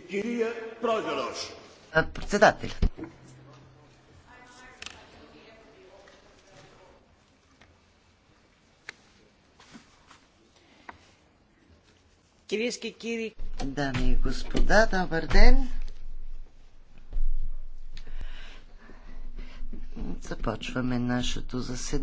Кирия Прозоров. Председателя. Кирийски Кири. Дами и господа, добър ден. Започваме нашето заседание.